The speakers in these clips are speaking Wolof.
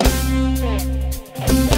Thank you.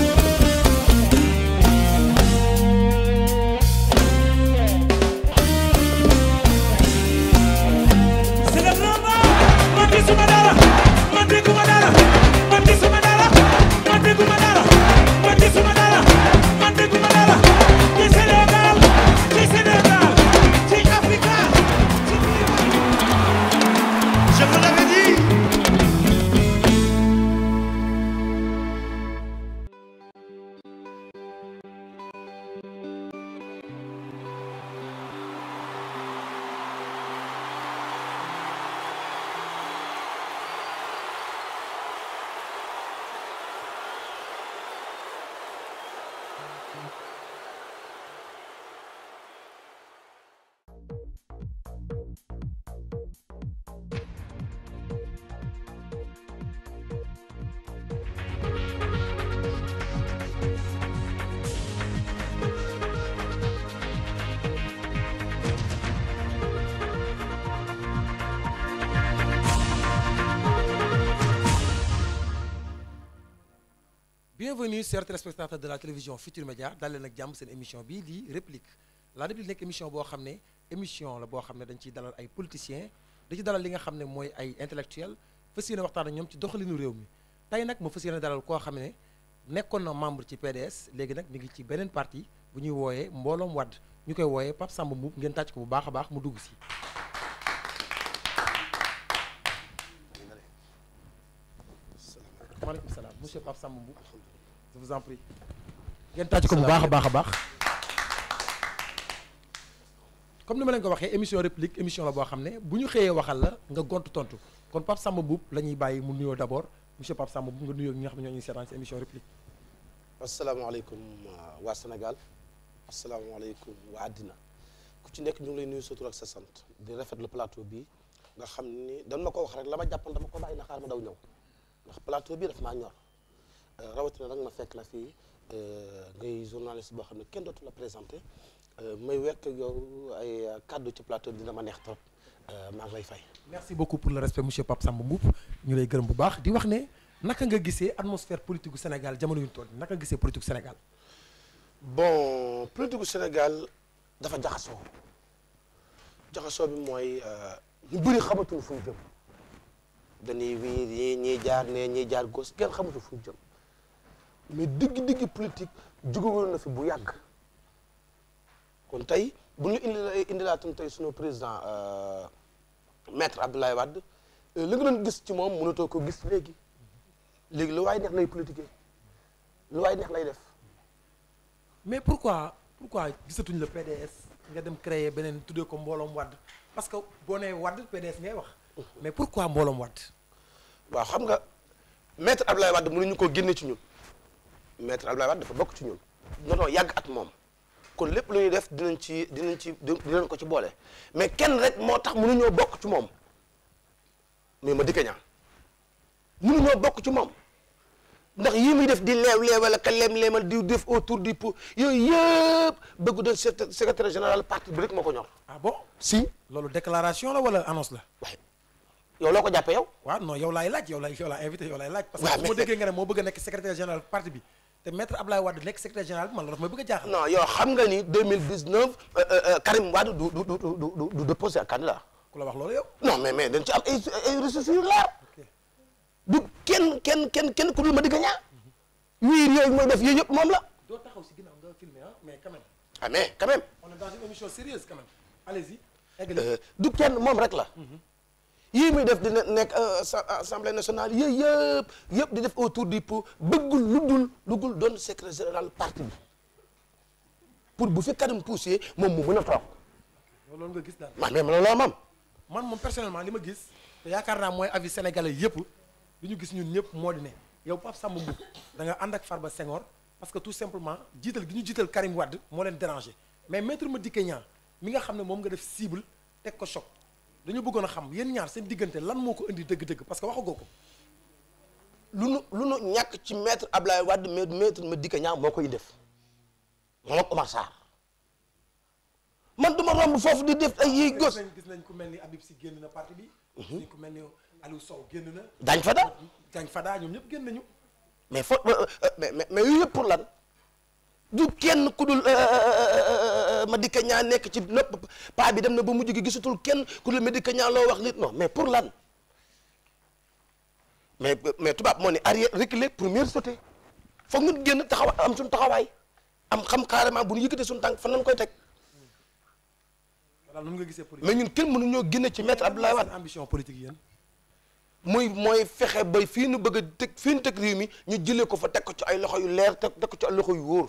Thank you. bienvenue chers téléspectateurs de la télévision Futur Média dal leen jàmm seen émission bii di réplique la réplique nekk émission boo xam ne émission la boo xam ne dañ ciy dalal ay politiciens da ci dalal li nga xam ne mooy ay intellectuels fas yéene waxtaan ak ñoom ci doxalinu réew mi tey nag ma fas yéene dalal koo xam ne nekkoon na membre ci PDS léegi nag mi ngi ci beneen parti bu ñuy wooyee mbooloom wadd ñu koy wooyee Pape Samba Mboup ngeen tàcc ko bu baax a baax mu dugg si. maaleykum monsieur Pape Samba Mboup. je vous en ngeen tàcc ko bu baax a baax a baax. comme ni ma leen ko waxee émission réplique émission la boo xam ne bu ñu xëyee waxal la nga gont tontu kon Pape Samba Mboup la ñuy bàyyi mu nuyoo d' abord monsieur Pape Samba Mboup nga nuyoo ñi nga xam ne ñoo ñuy seetaan si émission réplique. asalaamaaleykum euh, waa Sénégal asalaamaaleykum waa àddina ku ci nekk ñu ngi lay nuyu sa ak sa sant di rafet le plateau bi nga xam ni dañ ma ko wax rek la ma jàppoon dama ko bàyyi na ma daw ñëw rawatina nag ma fekk la fii euh, ngay journaliste boo xam ne kenn dootu la présenté euh, may wekk yow ay kàddu ci plateau dina ma neex trop euh, maa ngi lay fay. merci beaucoup pour le respect monsieur Pape Samba Mboup ñu lay gërëm bu baax di wax ne naka nga gisee atmosphère politique gu Sénégal jamono yu ñu toll naka nga gisee politique gu Sénégal. bon politique gu Sénégal dafa jaxasoo jaxasoo bi mooy ñu bëri xamatuñu fu ñu jëm dañuy wii ñii jaar ne ñuy jaar gos kenn xamatu fu ñu jëm. mais digg-digg politique jugawoon na fi bu yàgg kon tey bu ñu indi indilaatam tey sunu président euh, maître Abdoulaye Wade euh, li nga doon gis ci moom mënatoo ko gis léegi léegi lu waaye neex lay politiquer lu waay neex lay def mais pour pourquoi pourquoi gisatuñ la PDS nga dem créer beneen tuddee ko mbooloom Wade parce que boo nee Wade PDS ngay wax mais pourquoi mbooloom Wade waaw xam nga maître Abdoulaye Wade ñu ko génnee ci ñun maître Abdoulaye Wade dafa bokk ci ñun nonoo yàgg ak moom kon lépp lu ñuy def dinañ ci dinañ ci dinañ ko ci boole mais kenn rek moo tax mënuñoo bokk ci moom mais ma dikka ñaan mënuñoo bokk ci moom ndax yii muy def di leew leewal ak leem-leemal di def autour di pot yooyu yëpp bëggu de secrétaire général parti bi rek moo ko ñor. ah bon si. loolu déclaration la wala annonce la. waaye yow loo ko jàppee yow. waaw yow laay laaj yow laay yow yow laay laaj. parce que ne moo bëgg a nekk te maître Ablaye Wade nekk secrétaire général ma man loolu dafa may bëgg a jaaxal. non yow xam nga ni 2019 euh, euh, euh, Karim Wade du du du du du ku la wax loolu yow. non mais mais dañ ci am ay ay ressources yu leer. du kenn kenn kenn kenn ku dul ma di gañaa. yooyu yooyu mooy def yooyu yëpp moom la. doo taxaw si ginnaaw nga mais quand même. ah mais émission sérieuse quand même. allez-y. du kenn moom rek la. Mhm. yii muy def di nekk euh, assemblée nationale yooyu yëpp yëpp di def autour di pour bëggul lu dul lu dul doon secrétaire général parti bi pour bu fi Karim poussé moom mu mën a toog. loolu nga gis daal man mais loolu moom. man moom personnellement li ma gis yaakaar naa mooy avis sénégalais yëpp lu ñu gis ñun ñëpp moo di yow Pape Samba Mboup da nga ànd ak far Farba Senghor parce que tout simplement jiital gi ñu jiital Karim wadd moo leen dérangé mais maître Madické Niang mi nga xam ne moom nga def cible teg ko choc. dañu bëggoon a xam yéen ñaar seen diggante lan moo ko indi dëgg-dëgg parce que waxagoo ko. lu nu lu nu ñàkk ci maître Ablaye Wade maître Madické Niang moo koy def moom ak Omar Sarr man du romb foofu di def ay yiy gos. gis nañ ku mel ni Habib Sy génn na parti bi. Mhm. ni mel ni Aliou Sow na. Diagne Fada Diagne Fada ñoom ñëpp génn nañu. mais fo euh, euh, mais mais yëpp pour lan. du kenn ku dul euh, euh, euh, Madické Niang nekk ci nopp paa bi dem na ba mu gi gisatul kenn ku dul Madické Niang loo wax nit non mais pour lan mais mais tubaab moo ne arrière reculer pour mieux sauter foog ñu génn taxawa am suñu taxawaay am xam carrément bu ñu yëkkatee suñu tànk fan lañ koy teg. nu nga gisee politique mais ñun kenn mënuñoo génne ci maître Abdoulaye Wade ambition politique yéen. muy mooy fexe ba fii nu bëgg a teg fii nu teg réew mi ñu jëlee ko fa teg ko ci ay loxo yu leer teg ko ci ay loxo yu wóor.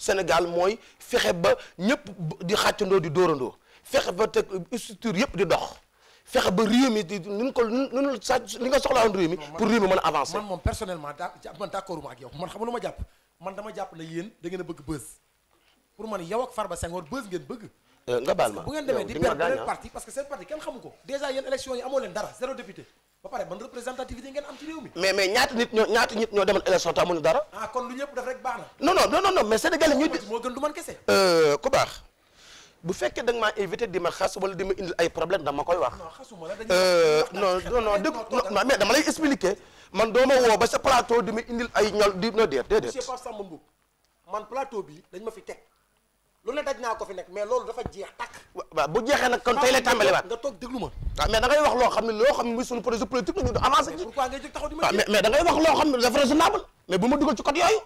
Sénégal mooy fexe ba ñëpp di xàccandoo di doorandoo fexe ba teg structure yëpp di dox fexe ba réew mi di nu ko nu sa li nga soxla woon réew mi pour réew mi mën a avancer. man moom personnellement daa man d'accord ma ak yow man xam ma jàpp man dama jàpp la yéen da ngeen bëgg buzz pour man yow ak Farba Senghor buzz ngeen bëgg. Euh, nga baal ma bu ngeen demee di perdre ah. parti parti kenn xamu ko déjà yéen élection yi amoo leen dara zéro député ba pare ban représentativité ngeen am ci réew mi. mais mais ñaata nit ñoo demal élection te amuñu dara. ah kon lu ñëpp def rek baax moo gën du man kese. Euh, ku baax bu fekkee da nga maa invité di ma xas wala di ma indil ay problème dama koy wax. non xasuma la dañuy euh, non non dégg non mais dama lay expliquer man doo ma woo ba sa plateau di ma indil ay ñol fi teg loolu dafa jeex takk. waaw bu jeexee nag kon tey lay tàmbaliwaat nga toog déglu ma. waaw ah, mais da ngay wax loo xam ne loo xam ne muy suñu projet politique la ñu avancé. mais pourquoi ngay jóg taxaw ma ah, mais mais da wax loo xam ne dafa raisonnable mais bu ma dugal ci code yooyu.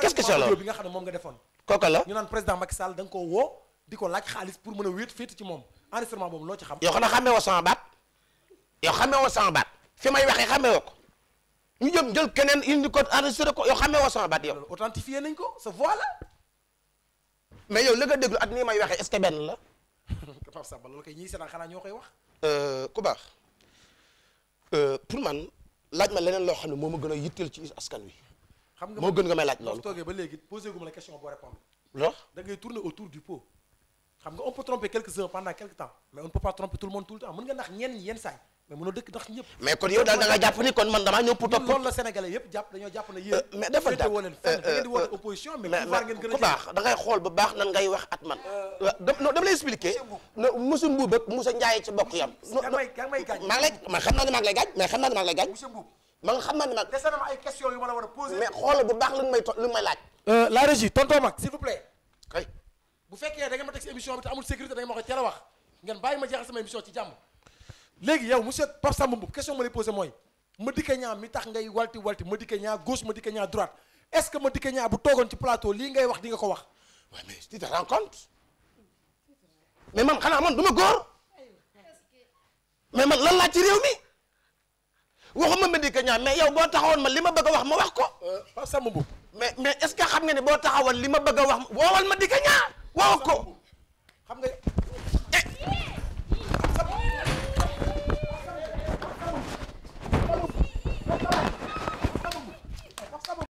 quest xam ne moom nga defoon. la président Macky Sall da woo di laaj xaalis pour mën a wéet féet ci moom enregistrement boobu loo ci xam. yow xanaa xamee woo sama woo sama baat fi may waxee woo ko ñu jëm jël keneen indi ko enregistré ko yow xamee woo sama mais yow la nga déglu at nii may waxee est-ce benn la. Pape Samba loolu kay ñiy seetaan xanaa ñoo koy wax. Euh, ku baax euh, pour man laaj ma leneen loo xam ne moo ma gën a yitteel ci askan wi. xam nga moo gën nga may laaj loolu. toogee ba léegi posé gu ma la question da ngay tourner autour du pot. xam nga on peut tromper quelques heures pendant quelque temps mais on ne pas tromper tout monde tout temps mën nga nax ñenn yenn saa mais mënoo dëkk ndax ñëpp. mais kon yow daal da nga jàpp ni kon man damaa ñëw pour topp. loolu la sénégalais yëpp jàpp dañoo jàpp ne yéen. mais dafa da ngeen di wone euh, euh, opposition. mais ku baax da ngay xool ba baax nan ngay wax at man. Euh, non dama lay expliquer. monsieur Mbuub ak Moussa Ndiaye ci bokk yam. maa ngi lay man xam naa ne maa ngi lay gaañ mais xam naa ne maa ngi lay gaañ. ma nga xam naa ne nag. dese na ma ay questions yu ma la war a poser. mais xoolal bu baax lu may to lu may laaj. la régie tonton Mag s'il vous plaît. kay bu fekkee da ngeen ma teg si émission bi te amul sécurité da ngeen ma ko teel a wax ngeen bàyyi ma jeexal sama émission ci jàmm léegi yow monsieur Pape Samba Mboup question ma lay posé mooy Madické Niang mi tax ngay walti walti Madické Niang gauche Madické Niang droite est-ce que Madické Niang bu toogoon ci plateau lii ngay wax di nga ko wax. waaw mais tu te man xanaa man du ma góor mais man lan laa ci réew mi waxuma Madické Niang mais yow boo taxawoon ma li ma bëgg wax ma wax ko. Euh, Pape Samba Mboup mais mais est-ce xam nga ne boo taxawoon li ma bëgg a wax ma Madické Niang. waaw ko xam nga.